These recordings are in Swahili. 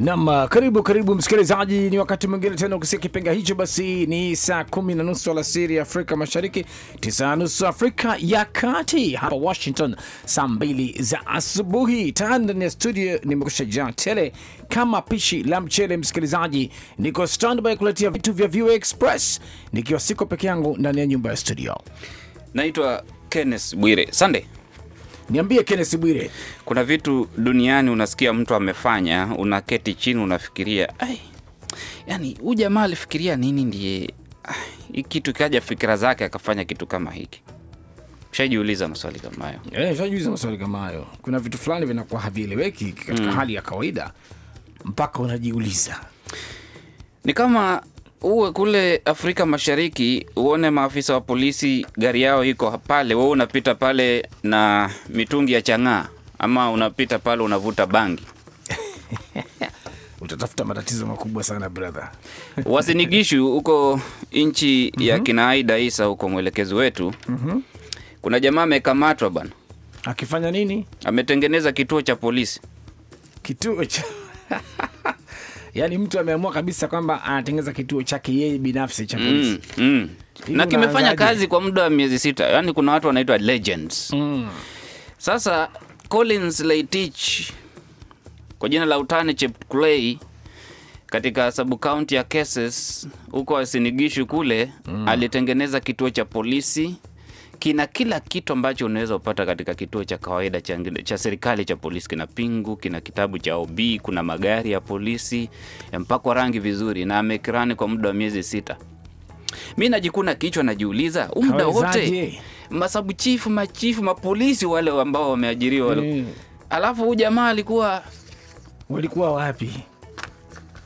Naam, ah, karibu karibu msikilizaji, ni wakati mwingine tena ukisikia kipenga hicho. Basi ni saa kumi na nusu alasiri ya Afrika Mashariki, tisa na nusu Afrika ya Kati, hapa Washington saa mbili za asubuhi. Tayari ndani ya studio nimekusha jaa tele kama pishi la mchele. Msikilizaji, niko standby kuletea vitu vya VOA Express nikiwa siko peke yangu ndani ya nyumba ya studio. Naitwa Kenneth Bwire Sunday. Niambie Kenneth Bwire, kuna vitu duniani unasikia mtu amefanya, unaketi chini unafikiria ai, yani huu jamaa alifikiria nini ndiye kitu kaja fikira zake akafanya kitu kama hiki. Shajiuliza maswali kama hayo yeah, shajiuliza maswali kama hayo. Kuna vitu fulani vinakuwa havieleweki katika mm, hali ya kawaida mpaka unajiuliza ni kama uwe kule Afrika Mashariki uone maafisa wa polisi gari yao iko pale, wewe unapita pale na mitungi ya chang'aa, ama unapita pale unavuta bangi utatafuta matatizo makubwa sana brother. Wasinigishu huko nchi mm -hmm. ya mhm. Isa huko, mwelekezi wetu mm -hmm. kuna jamaa amekamatwa bana, akifanya nini? Ametengeneza kituo cha polisi, kituo cha yani mtu ameamua kabisa kwamba anatengeneza kituo chake yeye binafsi cha polisi mm, mm. na kimefanya kazi kwa muda wa miezi sita, yani kuna watu wanaitwa legends mm. Sasa Collins Leitich kwa jina la utani Chepkulei katika sabu county ya Cases huko Asinigishu kule mm. alitengeneza kituo cha polisi kina kila kitu ambacho unaweza kupata katika kituo cha kawaida cha, cha serikali cha polisi. Kina pingu, kina kitabu cha OB, kuna magari ya polisi yampakwa rangi vizuri na amekirani kwa muda wa miezi sita. Mi najikuna kichwa, najiuliza muda wote masabu chifu, machifu, mapolisi wale ambao wameajiriwa mm. Alafu huyu jamaa alikuwa walikuwa wapi?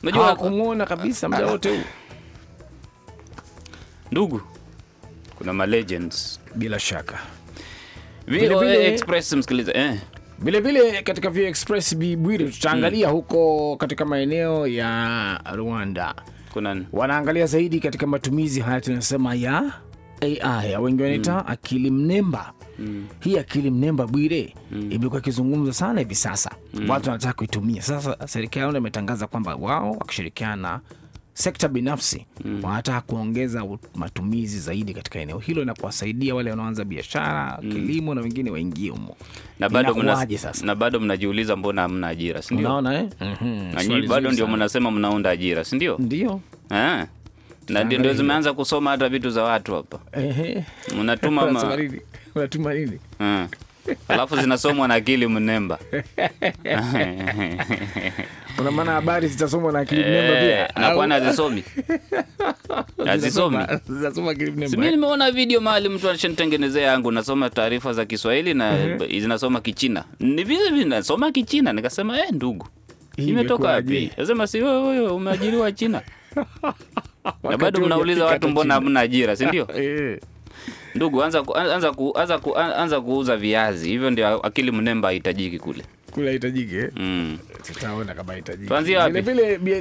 Unajua hakumuona kabisa muda wote huu ndugu, kuna ma legends bila shaka vile vile Express eh. katika Vio Express Bibwiri tutaangalia hmm, huko katika maeneo ya Rwanda Kunan, wanaangalia zaidi katika matumizi haya tunasema ya AI wengi wanaita hmm, akili mnemba Mm. Hii akili mnemba Bwire mm. imekuwa ikizungumza sana hivi sasa mm. watu wanataka kuitumia sasa. Serikali imetangaza kwamba wao wakishirikiana sekta binafsi mm. wanataka kuongeza matumizi zaidi katika eneo hilo na kuwasaidia wale wanaoanza biashara mm. kilimo na wengine waingie humo. Na bado mnaje sasa? Na bado mnajiuliza mbona hamna ajira, si ndio? Unaona eh? mm -hmm. Na bado ndio mnasema mnaunda ajira, si ndio? Ndio. Eh. Na ndio zimeanza kusoma hata vitu za watu hapa. Ehe. Mnatuma ma... nini? alafu zinasomwa na akili mnemba. Una maana habari zitasomwa na akili mnemba eh, pia? Na kwani hazisomi? Hazisomi. nimeona video mahali mtu anashanitengenezea yangu nasoma taarifa za Kiswahili na mhm. zinasoma Kichina. Ni vile vile nasoma Kichina nikasema eh, ndugu. Imetoka wapi? Nasema si wewe umeajiriwa China. Na bado mnauliza watu mbona hamna ajira, si Ndugu, anza, ku, anza, ku, anza, ku, anza kuuza viazi. Hivyo ndio akili mnemba ahitajiki kule kule eh? mm. Tutaona kama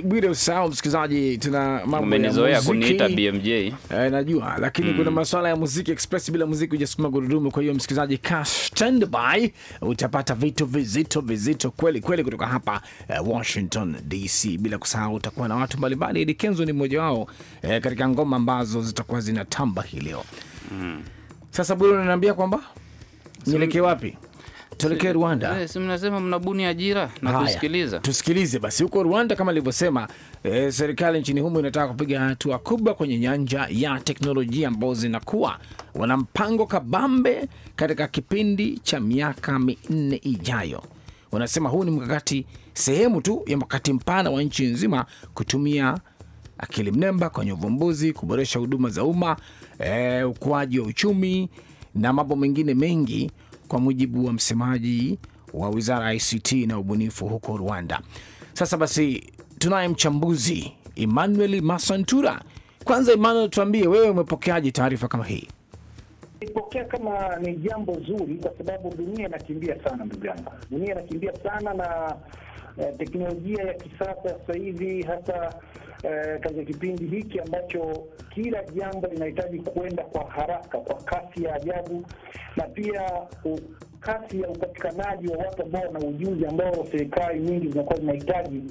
Bwire, usahau msikilizaji, tuna mambo kuniita BMJ eh, najua lakini mm. kuna ya muziki express, bila muziki gurudumu. Kwa hiyo msikilizaji, ka standby, utapata vitu vizito vizito kweli kweli kutoka hapa eh, Washington DC, bila kusahau utakuwa na watu mbalimbali. Eddie Kenzo ni mmoja wao eh, katika ngoma ambazo zitakuwa zinatamba hii leo. Mm. Sasa bwana unaniambia kwamba nielekee wapi? Tuelekee Rwanda. Eh, si mnasema mnabuni ajira na kusikiliza. Tusikilize basi huko Rwanda kama nilivyosema, e, serikali nchini humo inataka kupiga hatua kubwa kwenye nyanja ya teknolojia ambazo zinakuwa. Wana mpango kabambe katika kipindi cha miaka minne ijayo. Wanasema huu ni mkakati sehemu tu ya mkakati mpana wa nchi nzima kutumia akili mnemba kwenye uvumbuzi, kuboresha huduma za umma e, ukuaji wa uchumi na mambo mengine mengi, kwa mujibu wa msemaji wa wizara ya ICT na ubunifu huko Rwanda. Sasa basi, tunaye mchambuzi Emmanuel Masantura. Kwanza Emmanuel, tuambie wewe umepokeaje taarifa kama hii? Nipokea kama ni jambo zuri, kwa sababu dunia inakimbia sana, ndugu yangu, dunia inakimbia sana na eh, teknolojia ya kisasa sasa hivi Eh, katika kipindi hiki ambacho kila jambo linahitaji kuenda kwa haraka, kwa kasi ya ajabu, na pia kasi ya upatikanaji wa watu ambao wana ujuzi ambao serikali nyingi zinakuwa zinahitaji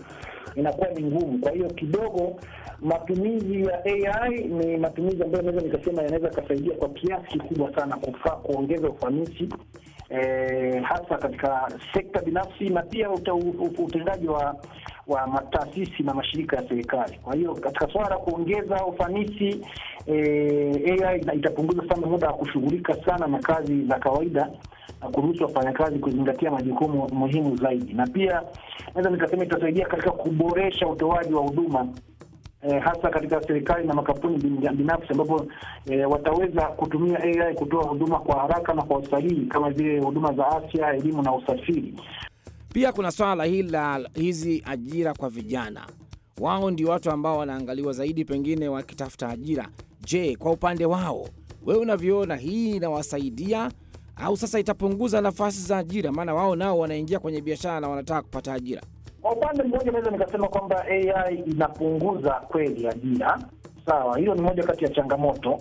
inakuwa ni ngumu. Kwa hiyo kidogo matumizi ya AI ni matumizi ambayo naweza nikasema yanaweza kasaidia kwa kiasi kikubwa sana kufaa kuongeza ufanisi eh, hasa katika sekta binafsi na pia utendaji wa, wa mataasisi na mashirika ya serikali. Kwa hiyo katika suala la kuongeza ufanisi eh, AI itapunguza sana muda wa kushughulika sana na kazi za kawaida na kuruhusu wafanyakazi kuzingatia majukumu muhimu zaidi, na pia naweza nikasema itasaidia katika kuboresha utoaji wa huduma eh, hasa katika serikali na makampuni binafsi ambapo eh, wataweza kutumia AI kutoa huduma kwa haraka na kwa usahihi kama vile huduma za afya, elimu na usafiri. Pia kuna swala hili la hizi ajira kwa vijana, wao ndio watu ambao wanaangaliwa zaidi pengine wakitafuta ajira. Je, kwa upande wao wewe unavyoona hii inawasaidia au sasa itapunguza nafasi za ajira? Maana wao nao wanaingia kwenye biashara na wanataka kupata ajira. Kwa upande mmoja naweza nikasema kwamba AI inapunguza kweli ajira, sawa, hiyo ni moja kati ya changamoto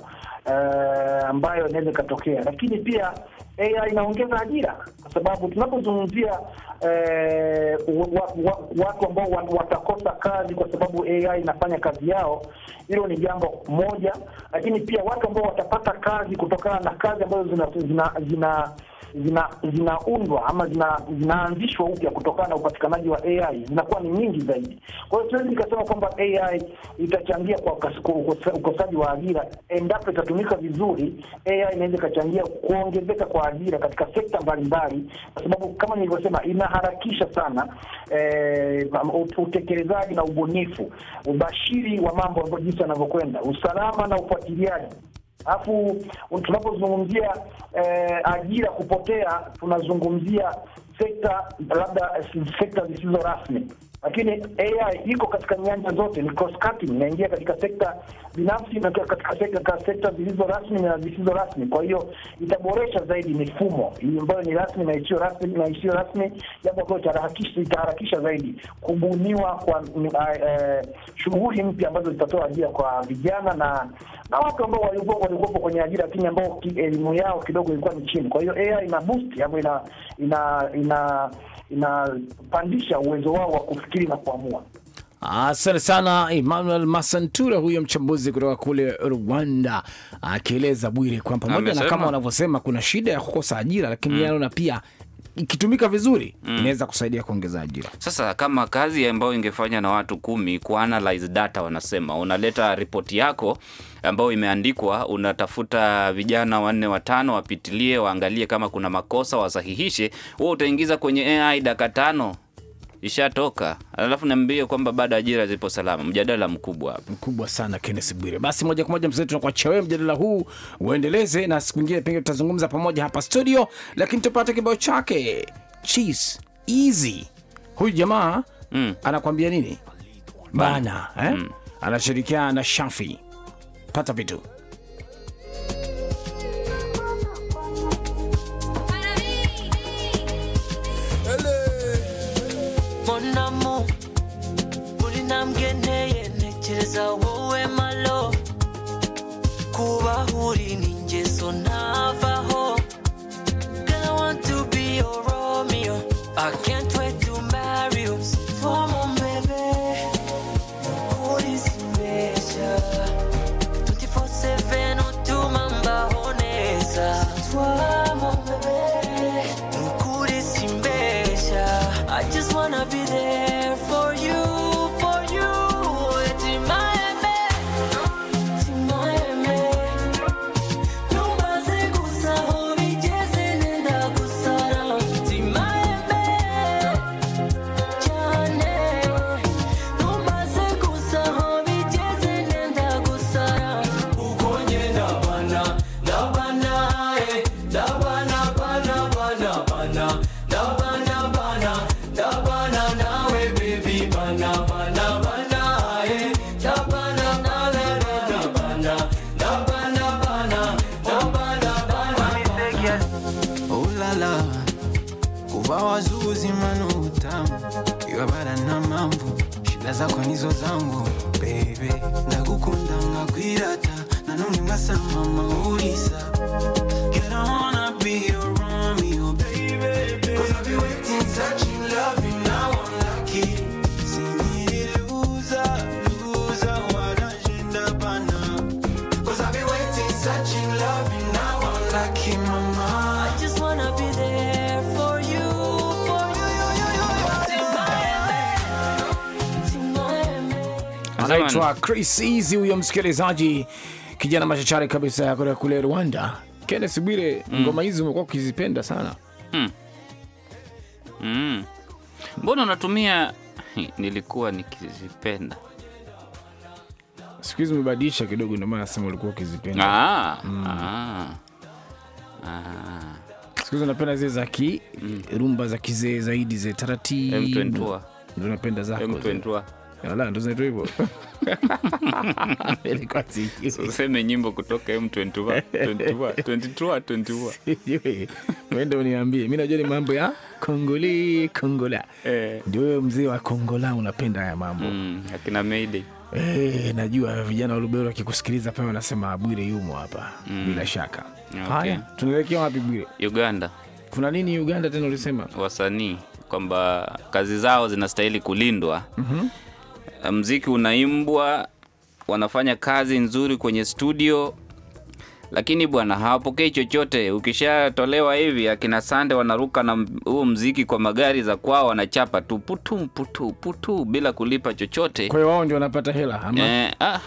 uh, ambayo inaweza ikatokea, lakini pia AI inaongeza ajira kwa sababu tunapozungumzia eh, watu ambao watakosa kazi kwa sababu AI inafanya kazi yao, hilo ni jambo moja, lakini pia watu ambao watapata kazi kutokana na kazi ambazo zina, zina, zina zinaundwa zina ama zinaanzishwa zina upya kutokana na upatikanaji wa AI zinakuwa ni nyingi zaidi. Kwa hiyo siwezi nikasema kwamba AI itachangia kwa ukosaji wa ajira. Endapo itatumika vizuri, AI inaweza ikachangia kuongezeka kwa ajira katika sekta mbalimbali, kwa sababu kama nilivyosema, inaharakisha sana eh, utekelezaji na ubunifu, ubashiri wa mambo ambayo jinsi yanavyokwenda, usalama na ufuatiliaji Alafu tunapozungumzia eh, ajira kupotea tunazungumzia sekta labda eh, sekta zisizo rasmi. Lakini AI iko katika nyanja zote, ni cross cutting, inaingia katika sekta binafsi, inatoka katika sekta sekta zilizo rasmi na zisizo rasmi. Kwa hiyo itaboresha zaidi mifumo ambayo ni rasmi na isiyo rasmi na isiyo rasmi, jambo ambayo itaharakisha itaharakisha zaidi kubuniwa kwa uh, shughuli mpya ambazo zitatoa ajira kwa vijana na na watu ambao walikuwa walikuwa kwenye ajira lakini ambao elimu yao kidogo ilikuwa ni chini. Kwa hiyo AI ina boost ina ina ina inapandisha uwezo wao wa kufikiri na kuamua. Asante sana Emmanuel Masantura, huyo mchambuzi kutoka kule Rwanda, akieleza Bwire kwa pamoja na kama wanavyosema kuna shida ya kukosa ajira, lakini mm. yanaona pia ikitumika vizuri mm. inaweza kusaidia kuongeza ajira. Sasa kama kazi ambayo ingefanya na watu kumi kuanalyze data, wanasema unaleta ripoti yako ambayo imeandikwa, unatafuta vijana wanne watano, wapitilie waangalie kama kuna makosa wasahihishe, huo utaingiza kwenye AI daka tano ishatoka, alafu niambie kwamba bado ajira zipo salama. Mjadala mkubwa hapa, mkubwa sana, Kenneth Bwire. Basi moja kwa moja mzee, tunakuachia wewe mjadala huu uendeleze, na siku nyingine pengine tutazungumza pamoja hapa studio, lakini tupate kibao chake Cheese Easy. Huyu jamaa mm. anakwambia nini bana, bana. Eh? Mm. anashirikiana na Shafi, pata vitu tunafaa anaitwa Chris Easy huyo msikilizaji, kijana machachari kabisa kutoka kule Rwanda. Kenneth Bwire, mm. ngoma hizi umekuwa ukizipenda sana mm. Mm. Mbona unatumia nilikuwa nikizipenda siku hizi umebadilisha kidogo, ndio maana nasema ulikuwa ukizipenda. Ah, mm. ah, ah. Siku hizi napenda zile za ki mm. rumba za kizee zaidi, zile taratibu, ndio unapenda zako M22 Ala, ndo zinaitwa hivyo. Ilikuwa So sema nyimbo kutoka M21, 21. Wende uniambie. Mimi najua ni mambo ya Kongoli, Kongola. Eh. Ndio wewe mzee wa Kongola unapenda haya mambo. Mm, akina Mayday. Eh, najua vijana wa Lubero wakikusikiliza pale wanasema Bwire yumo hapa mm. Bila shaka. Okay. Haya, tunaelekea wapi Bwire? Uganda. Kuna nini Uganda tena ulisema? Wasanii kwamba kazi zao zinastahili kulindwa. Mhm. Mm Eh, mziki unaimbwa, wanafanya kazi nzuri kwenye studio, lakini bwana hawapokei chochote. Ukishatolewa hivi, akina Sande wanaruka na huo mziki kwa magari za kwao, wanachapa tu putu putu putu bila kulipa chochote. Kwa hiyo wao ndio wanapata hela ama? Eh, ah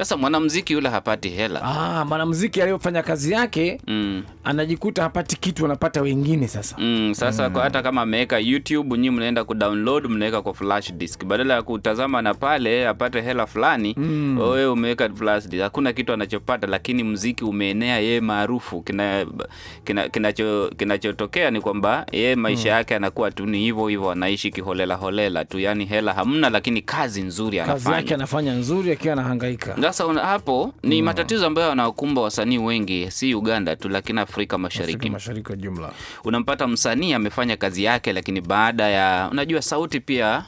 sasa mwanamuziki yule hapati hela. Ah, mwanamuziki aliyofanya kazi yake mm. anajikuta hapati kitu, anapata wengine sasa. Mm, sasa mm. Kwa hata kama ameweka YouTube, nyinyi mnaenda kudownload, mnaweka kwa flash disk badala ya kutazama na pale apate hela fulani mm. Wewe umeweka flash disk, hakuna kitu anachopata, lakini muziki umeenea, yeye maarufu. Kinachotokea kina, kina kina ni kwamba yeye maisha mm. yake anakuwa tu ni hivyo hivyo, anaishi kiholela holela tu, yani hela hamna, lakini kazi nzuri anafanya, kazi yake anafanya nzuri akiwa anahangaika sasa una, hapo ni mm, matatizo ambayo yanawakumba wasanii wengi, si Uganda tu, lakini Afrika Mashariki, Afrika jumla. Unampata msanii amefanya kazi yake, lakini baada ya unajua sauti pia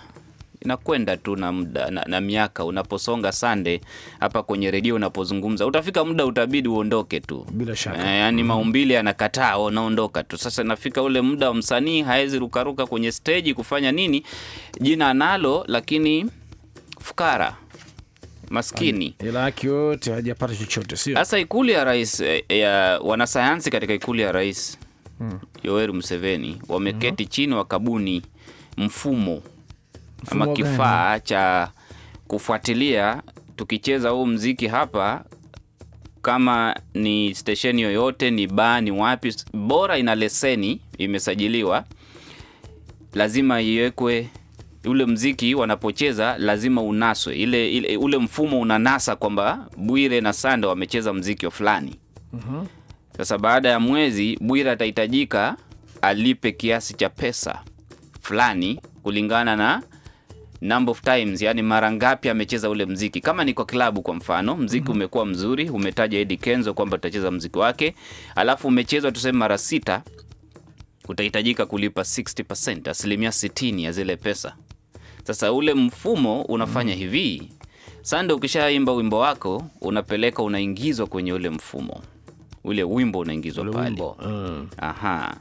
inakwenda tu na muda na, na miaka unaposonga sande hapa kwenye redio unapozungumza, utafika muda utabidi uondoke tu bila shaka e, eh, yani maumbile yanakataa unaondoka tu. Sasa nafika ule muda wa msanii hawezi rukaruka kwenye steji kufanya nini, jina analo lakini fukara maskini, ila yake yote hajapata chochote, sio? Sasa ikulu ya rais eh, ya wanasayansi katika ikulu ya rais hmm, Yoweri Museveni wameketi hmm, chini wakabuni mfumo, mfumo ama kifaa cha kufuatilia tukicheza huu mziki hapa kama ni stesheni yoyote, ni baa, ni wapi, bora ina leseni imesajiliwa, lazima iwekwe ule mziki wanapocheza lazima unaswe ile, ile, ule mfumo unanasa kwamba Bwire na Sanda wamecheza mziki wa fulani. Mhm. sasa mm-hmm. baada ya mwezi Bwire atahitajika alipe kiasi cha pesa fulani kulingana na number of times, yani mara ngapi amecheza ule mziki. Kama ni kwa klabu kwa mfano, mziki mm -hmm. umekuwa mzuri, umetaja edi Kenzo kwamba utacheza mziki wake, alafu umechezwa tuseme mara sita, utahitajika kulipa 60%, asilimia 60 ya zile pesa. Sasa ule mfumo unafanya mm. hivi sande, ukishaimba wimbo wako unapeleka, unaingizwa kwenye ule mfumo, ule wimbo unaingizwa pale mm. Aha,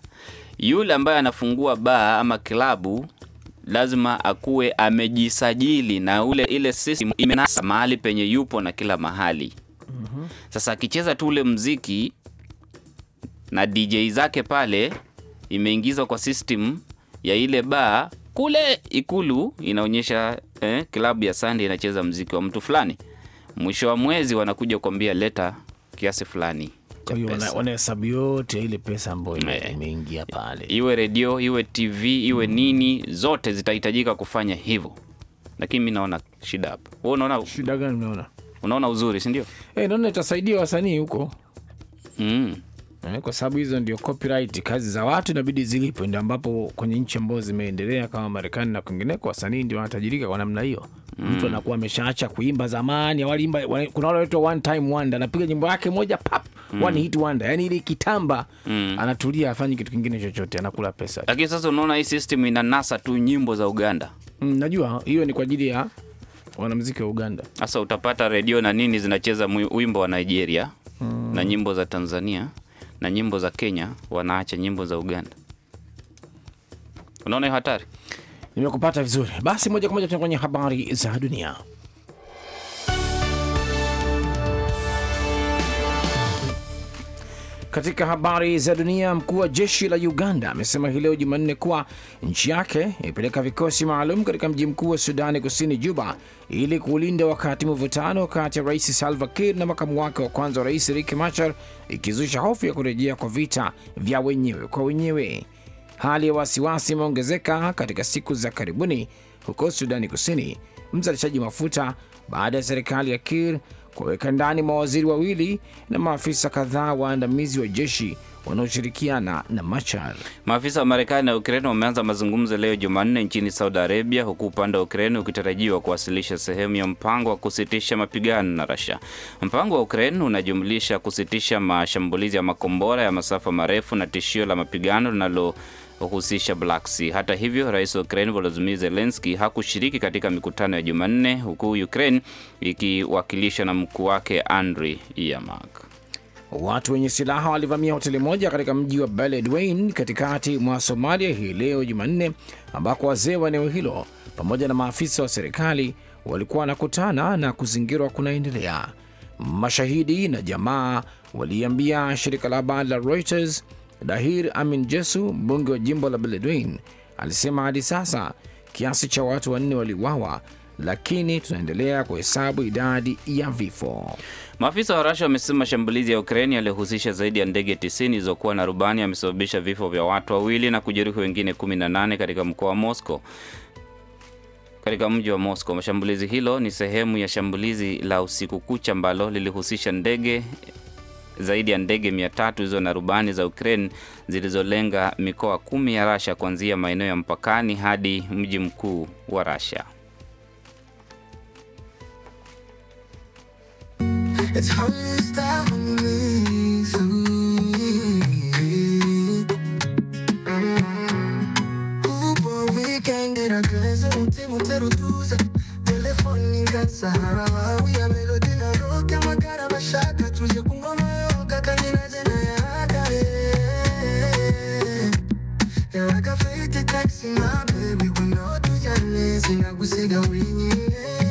yule ambaye anafungua baa ama klabu lazima akuwe amejisajili na ule ile imenasa mahali penye yupo na kila mahali mm -hmm. Sasa akicheza tu ule mziki na DJ zake pale, imeingizwa kwa system ya ile baa kule Ikulu inaonyesha eh, klabu ya sandi inacheza mziki wa mtu fulani, mwisho wa mwezi wanakuja kuambia leta kiasi fulani wanahesabu yote ile pesa ambayo eh. imeingia pale, iwe redio iwe TV iwe mm, nini zote zitahitajika kufanya hivyo, lakini mi naona shida hapa. unaona shida gani? Unaona unaona uzuri, sindio hey, eh, naona itasaidia wasanii huko mm. Eh, kwa sababu hizo ndio copyright, kazi za watu inabidi zilipwe. Ndio ambapo kwenye nchi ambazo zimeendelea kama Marekani na kwingineko, wasanii ndio wanatajirika kwa namna hiyo. Mm. Mtu anakuwa ameshaacha kuimba zamani, waliimba kuna wale wetu one time wonder, anapiga nyimbo yake moja pap, mm. one hit wonder, yani ile kitamba, mm. anatulia, afanye kitu kingine chochote, anakula pesa. Lakini sasa unaona hii system inanasa tu nyimbo za Uganda. Mm, najua hiyo ni kwa ajili ya wanamuziki wa Uganda. Sasa utapata redio na nini zinacheza wimbo wa Nigeria, mm. na nyimbo za Tanzania na nyimbo za Kenya wanaacha nyimbo za Uganda. Unaona hiyo hatari? Nimekupata vizuri. Basi moja kwa moja tuna kwenye habari za dunia. Katika habari za dunia, mkuu wa jeshi la Uganda amesema hii leo Jumanne kuwa nchi yake imepeleka vikosi maalum katika mji mkuu wa Sudani Kusini, Juba, ili kuulinda wakati mvutano kati ya Rais Salva Kiir na makamu wake wa kwanza wa rais Riek Machar ikizusha hofu ya kurejea kwa vita vya wenyewe kwa wenyewe. Hali ya wasiwasi imeongezeka katika siku za karibuni huko Sudani Kusini, mzalishaji mafuta baada ya serikali ya Kiir kuweka ndani mawaziri wawili na maafisa kadhaa waandamizi wa jeshi wanaoshirikiana na Machar. Maafisa wa Marekani na Ukraine wameanza mazungumzo leo Jumanne nchini Saudi Arabia, huku upande wa Ukraine ukitarajiwa kuwasilisha sehemu ya mpango wa kusitisha mapigano na rasia Mpango wa Ukraine unajumlisha kusitisha mashambulizi ya makombora ya masafa marefu na tishio la mapigano linalo kuhusisha Black Sea. Hata hivyo, rais wa Ukraine Volodymyr Zelensky hakushiriki katika mikutano ya Jumanne, huku Ukraine ikiwakilishwa na mkuu wake Andriy Yermak. Watu wenye silaha walivamia hoteli moja katika mji wa Beledweyne katikati mwa Somalia hii leo Jumanne, ambako wazee wa eneo hilo pamoja na maafisa wa serikali walikuwa wanakutana na kuzingirwa kunaendelea. Mashahidi na jamaa waliambia shirika la habari la Reuters Dahir Amin Jesu, mbunge wa jimbo la Beledwin, alisema hadi sasa kiasi cha watu wanne waliuawa, lakini tunaendelea kuhesabu idadi ya vifo. Maafisa wa Rasha wamesema mashambulizi ya Ukraini yaliyohusisha zaidi ya ndege 90 zilizokuwa na rubani yamesababisha vifo vya watu wawili na kujeruhi wengine 18 katika mkoa wa Moscow katika mji wa Moscow. Mashambulizi hilo ni sehemu ya shambulizi la usiku kucha ambalo lilihusisha ndege zaidi ya ndege mia tatu hizo na rubani za Ukraine zilizolenga mikoa kumi ya Russia kuanzia maeneo ya mpakani hadi mji mkuu wa Russia. sexy, my baby. When no I ya le, sing a gusiga winnie.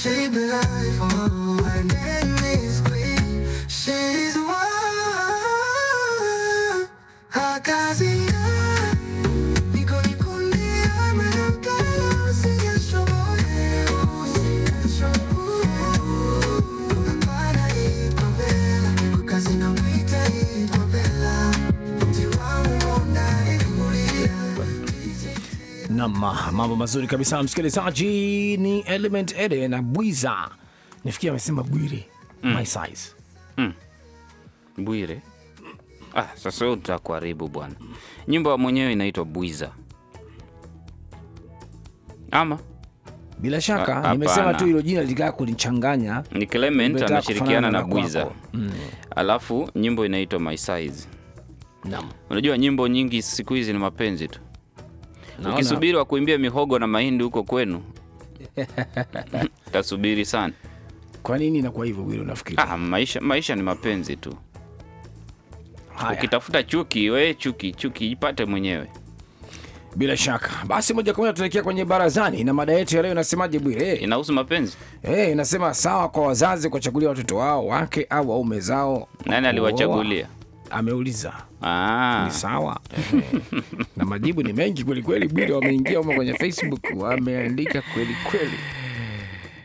Shame that I Mambo mazuri kabisa, msikilizaji. Ni Element Ede na Bwiza, nifikia amesema Bwire. Mm. My size. Mm. Bwire. Ah, sasa huyo utakuharibu bwana. Nyumba mwenyewe inaitwa Bwiza. Ama bila shaka A, ah, nimesema tu hilo jina lilikaa kulichanganya Ni Clement anashirikiana na Bwiza. Mm. Alafu nyimbo inaitwa My Size. Naam. Unajua nyimbo nyingi siku hizi ni mapenzi tu. Ukisubiri wa kuimbia mihogo na mahindi huko kwenu tasubiri sana. Kwa nini inakuwa hivyo Bwire, unafikiri? Ah, maisha, maisha ni mapenzi tu. Haya. Ukitafuta chuki we chuki chuki ipate mwenyewe bila shaka basi, moja kwa moja tuelekea kwenye barazani na mada yetu ya leo inasemaje, Bwire? Inahusu mapenzi eh, inasema sawa kwa wazazi kuwachagulia watoto wao wake au waume zao. Nani aliwachagulia? Ameuliza. Ah. Ni sawa na majibu ni mengi kwelikweli. Bwire wameingia humo kwenye Facebook, wameandika kwelikweli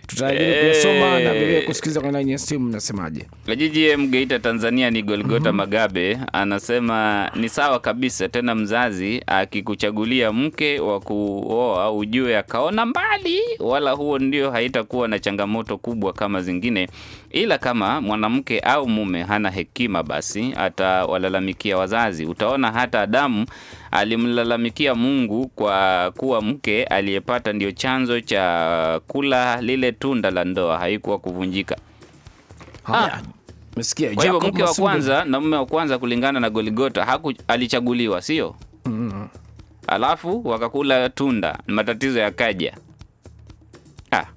tutarajia kuyasoma na vilevile kusikiliza kwenye laini ya simu. Mnasemaje? GGM Mgeita, Tanzania ni Golgota mm -hmm. Magabe anasema ni sawa kabisa, tena mzazi akikuchagulia mke wa kuoa ujue akaona mbali, wala huo ndio haitakuwa na changamoto kubwa kama zingine, ila kama mwanamke au mume hana hekima, basi atawalalamikia wazazi. Utaona hata Adamu alimlalamikia Mungu kwa kuwa mke aliyepata ndio chanzo cha kula lile tunda la ndoa, haikuwa kuvunjika. Ah, ah, Mesikia, kwa hivyo mke wa kwanza na mume wa kwanza kulingana na Goligota haku, alichaguliwa sio? mm -hmm. Alafu wakakula tunda, matatizo yakaja. kaja ah.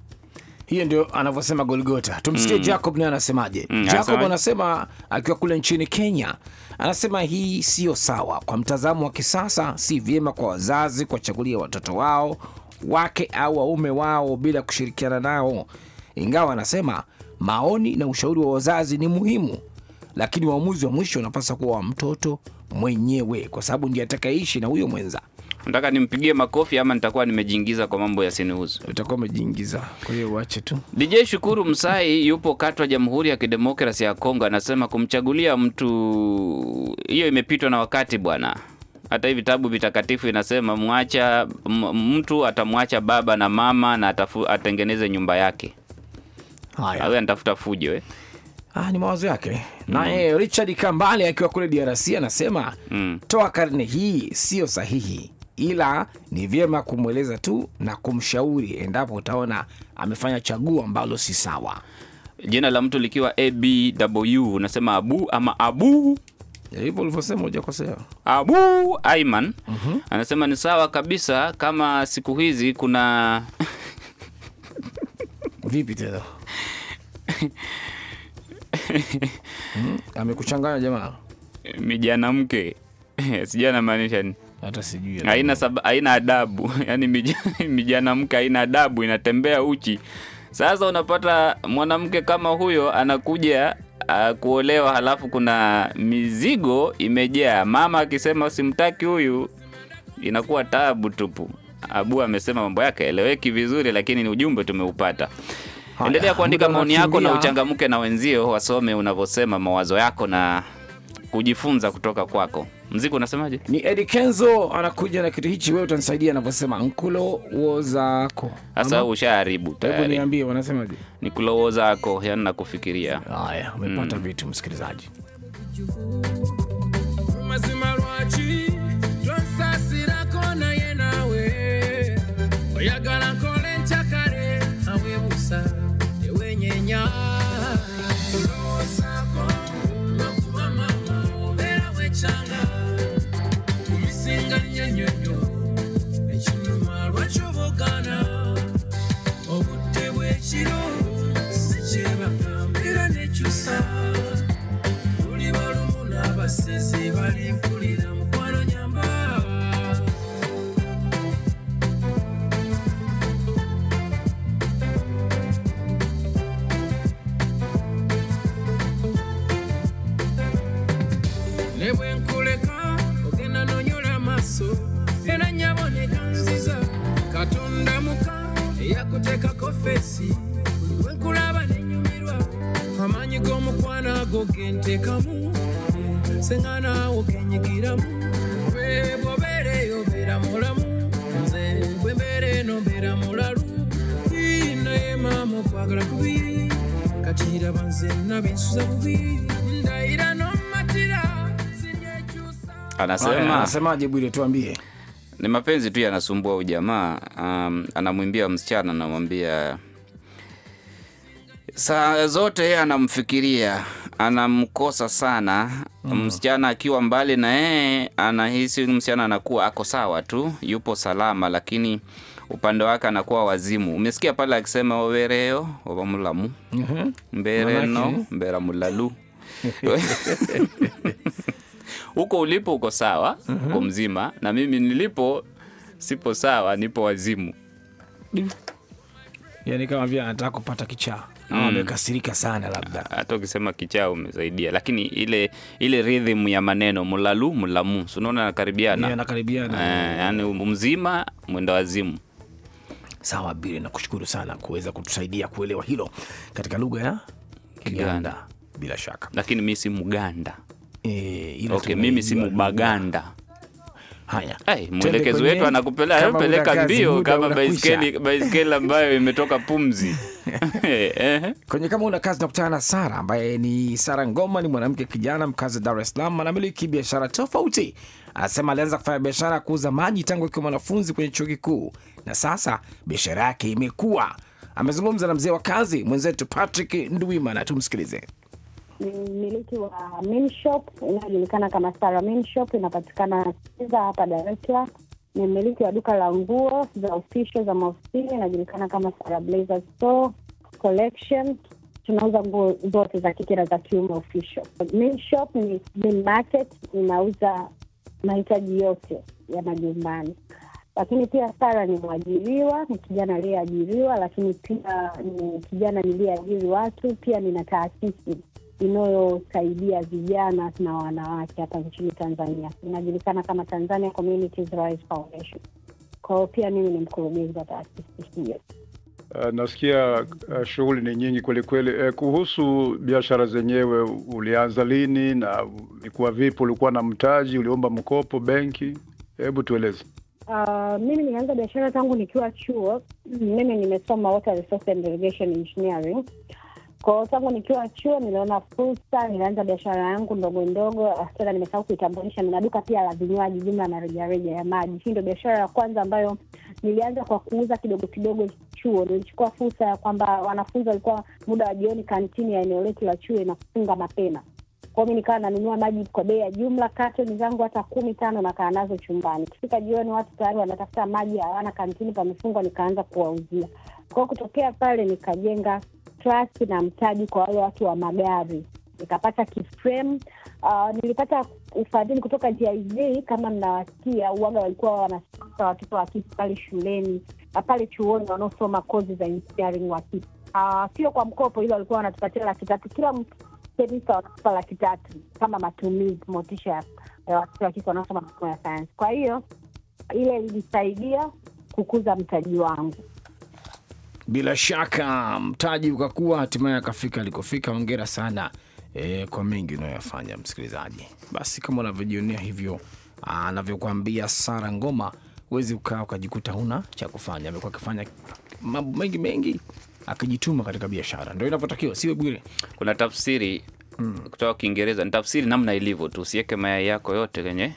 Hiyo ndio anavyosema Goligota. Tumsikie mm. Jacob naye anasemaje? mm, Jacob anasema akiwa kule nchini Kenya, anasema hii siyo sawa kwa mtazamo wa kisasa, si vyema kwa wazazi kuwachagulia watoto wao wake au waume wao bila kushirikiana nao, ingawa anasema maoni na ushauri wa wazazi ni muhimu, lakini uamuzi wa mwisho unapaswa kuwa wa mtoto mwenyewe, kwa sababu ndiye atakayeishi na huyo mwenza. Nataka nimpigie makofi ama nitakuwa nimejiingiza kwa mambo yasinihusu? Utakuwa umejiingiza, kwa hiyo uache tu. DJ Shukuru Msai yupo Katwa, Jamhuri ya Kidemokrasi ya Kongo, anasema kumchagulia mtu hiyo imepitwa na wakati bwana hata hivi vitabu vitakatifu inasema mwacha mtu atamwacha baba na mama na atafu, atengeneze nyumba yake. Haya, awe anatafuta fujo eh. Ah, ni mawazo yake mm. naye mm. Richard Kambale akiwa kule DRC anasema mm. toa karne hii sio sahihi, ila ni vyema kumweleza tu na kumshauri endapo utaona amefanya chaguo ambalo si sawa. Jina la mtu likiwa ABW unasema abu ama abu hivyo ulivyosema hujakosea. Abu Aiman mm -hmm. anasema ni sawa kabisa kama siku hizi kuna vipi tena hmm? Amekuchanganya jamaa mijana mke sijui anamaanisha hata sijui haina haina adabu yani mijana mke haina adabu inatembea uchi sasa unapata mwanamke kama huyo anakuja uh, kuolewa, halafu kuna mizigo imejaa, mama akisema simtaki huyu inakuwa tabu tupu. Abu amesema mambo yake eleweki vizuri, lakini ni ujumbe tumeupata. Endelea kuandika maoni yako na uchangamke na wenzio wasome unavyosema mawazo yako na kujifunza kutoka kwako. Mziki unasemaje? Ni edi Kenzo anakuja na kitu hichi, wewe utanisaidia anavyosema nkulo wozako. Sasa ushaharibu tayari. Hebu niambie wanasemaje? Ni kulo wozako, yani nakufikiria. Haya, umepata mm, vitu msikilizaji. nnyonyo ekinyuma lwakyobogana obudde bwekiro sikyebakambeera nekyusa tuli balumu n'abasezi balimu takuteekako feesi wenkulaba nenyumirwa amanyi g'omukwano go genteekamu seŋanaawo genyigiramu gwe bwobeera yobera mulamu nze bwe mbeera mulalu naye maama okwagala kubi kati nze nabinsuza bubi ndayira nomatira singekyusa anasema anasemaje bwire tuambie ni mapenzi tu yanasumbua ujamaa. Um, anamwimbia msichana, anamwambia saa zote yeye anamfikiria, anamkosa sana mm. Msichana akiwa mbali na yeye anahisi msichana anakuwa ako sawa tu, yupo salama, lakini upande wake anakuwa wazimu. Umesikia pale akisema owereo obamulamu mbereno mm-hmm. mberamulalu huko ulipo uko sawa, mm -hmm. uko mzima, na mimi nilipo sipo sawa, nipo wazimu. Yani kama vile anataka kupata kichaa mm. sana labda, hata ukisema kichaa umesaidia, lakini ile ile rhythm ya maneno mulalu mulamu, unaona anakaribiana, anakaribiana eh, yani mzima mwenda wazimu. Sawa Bili, nakushukuru sana kuweza kutusaidia kuelewa hilo katika lugha ya Kiganda bila shaka, lakini mi si Mganda. E, okay, mimi si Maganda. mwelekezi wetu anakupeleka eh, mbio kama baiskeli baiskeli ambayo imetoka pumzi eh, kwenye. Kama una kazi, nakutana na Sara ambaye ni Sara Ngoma, ni mwanamke kijana mkazi wa Dar es Salaam, anamiliki biashara tofauti. Anasema alianza kufanya biashara ya kuuza maji tangu akiwa mwanafunzi kwenye chuo kikuu, na sasa biashara yake imekuwa. Amezungumza na mzee wa kazi mwenzetu Patrick Ndwimana, tumsikilize ni mmiliki wa inayojulikana kama Sara inapatikana Sinza hapa Dar es Salaam. Ni mmiliki wa duka la nguo za official za maofisini inajulikana kama Sara Blazer Store Collection. Tunauza nguo zote za kike na za kiume official. ni market, inauza mahitaji yote ya majumbani lakini pia Sara ni mwajiriwa, ni kijana aliyeajiriwa, lakini pia ni kijana niliyeajiri watu, pia nina taasisi inayosaidia vijana na wanawake hapa nchini Tanzania, inajulikana kama Tanzania Communities Rise Foundation. Kwa hiyo pia mimi ni mkurugenzi wa taasisi hiyo. Uh, nasikia uh, shughuli ni nyingi kwelikweli Eh, kuhusu biashara zenyewe ulianza lini na ilikuwa vipi? Ulikuwa na mtaji? Uliomba mkopo benki? Hebu tueleze. Uh, mimi nimeanza biashara tangu nikiwa chuo. Mimi nimesoma water and irrigation engineering Kwao tangu nikiwa chuo niliona fursa, nilianza biashara yangu ndogo ndogo. sasa nimesahau kuitambulisha, nina duka pia la vinywaji jumla na rejareja ya maji. Hii ndo biashara ya kwanza ambayo nilianza kwa kuuza kidogo kidogo chuo. Nilichukua fursa ya kwamba wanafunzi walikuwa muda wa jioni, kantini ya eneo letu la chuo inafunga mapema kwao, mi nikawa nanunua maji kwa bei ya jumla, katoni zangu hata kumi tano nakaa nazo chumbani. Kifika jioni, watu tayari wanatafuta maji, hawana kantini, pamefungwa, nikaanza kuwauzia kwao. Kutokea pale nikajenga trust na mtaji kwa wale watu wa magari nikapata kiframe. Uh, nilipata ufadhili kutoka GIZ. Kama mnawasikia uwaga, walikuwa wanasa watoto wa kike pale shuleni na pale chuoni wanaosoma kozi za engineering wa kike, ah, sio kwa mkopo, ila walikuwa wanatupatia laki tatu kila semista, wanatupa laki tatu kama matumizi motisha ya watoto wa kike wanaosoma masomo ya sayansi. Kwa hiyo ile ilisaidia kukuza mtaji wangu bila shaka mtaji ukakuwa hatimaye akafika alikofika. Hongera sana e, kwa mengi unayoyafanya msikilizaji. Basi kama unavyojionea hivyo anavyokuambia Sara Ngoma, huwezi ukaa ukajikuta huna cha kufanya. Amekuwa akifanya mambo mengi mengi akijituma katika biashara, ndo inavyotakiwa, siwe Bwire. Kuna tafsiri mm, kutoka Kiingereza ni tafsiri namna ilivyo tu, usiweke mayai yako yote kwenye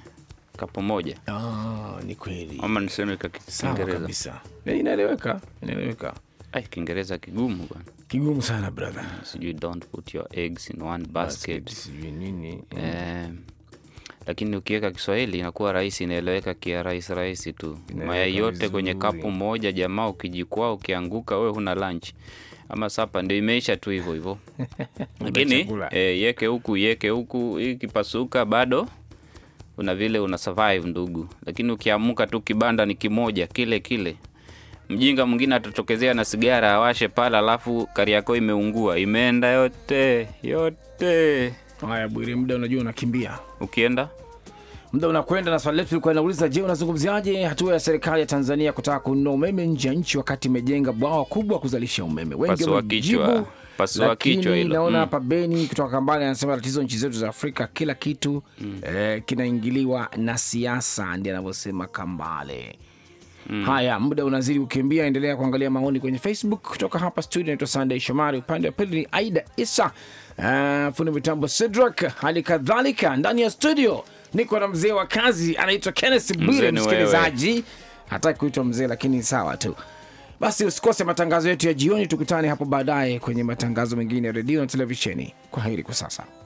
kapo moja. Oh, ni kweli ama niseme kwa Kiingereza kabisa, inaeleweka, inaeleweka. Kiingereza kigumu bwana. Kigumu sana brother. Sijui don't put your eggs in one basket. Basket, sijui nini. Eh, lakini ukiweka Kiswahili inakuwa rahisi, inaeleweka kia rahisi rahisi tu. Mayai yote kwenye kapu moja, jamaa, ukijikwaa ukianguka, wewe huna lunch ama sapa, ndio imeisha tu hivyo hivyo. Lakini eh, yeke huku yeke huku, ikipasuka bado una vile una survive ndugu, lakini ukiamuka tu kibanda ni kimoja kile kile mjinga mwingine atatokezea na sigara awashe pale, alafu Kariakoo imeungua imeenda yote yote. Haya Bwiri, muda unajua unakimbia, ukienda muda unakwenda, na swali letu lilikuwa inauliza, je, unazungumziaje hatua ya serikali ya Tanzania kutaka kununua umeme nje ya nchi wakati imejenga bwawa kubwa kuzalisha umeme? Wengi wamejibu, lakini naona mm. hapa mm. Beni kutoka Kambale anasema tatizo nchi zetu za Afrika kila kitu mm. eh, kinaingiliwa na siasa, ndiye anavyosema Kambale. Mm. Haya, muda unazidi kukimbia, endelea kuangalia maoni kwenye Facebook kutoka hapa studio. Naitwa Sunday Shomari, upande wa pili ni Aida Isa, uh, ah, fundi mitambo Cedric, hali kadhalika ndani ya studio niko na mzee wa kazi anaitwa Kenneth Bwire. Msikilizaji hataki kuitwa mzee, lakini sawa tu. Basi usikose matangazo yetu ya jioni, tukutane hapo baadaye kwenye matangazo mengine ya redio na televisheni. Kwa heri kwa sasa.